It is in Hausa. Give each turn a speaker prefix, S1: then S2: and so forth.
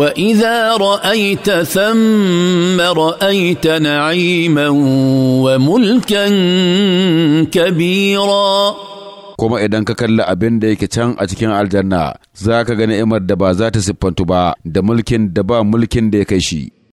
S1: واذا رايت ثم رايت نعيما
S2: وملكا كبيرا kuma idan ka kalli abin da yake can a cikin aljanna za ka ga ni'imar da ba za ta siffantu ba
S3: da mulkin da ba mulkin da ya kai shi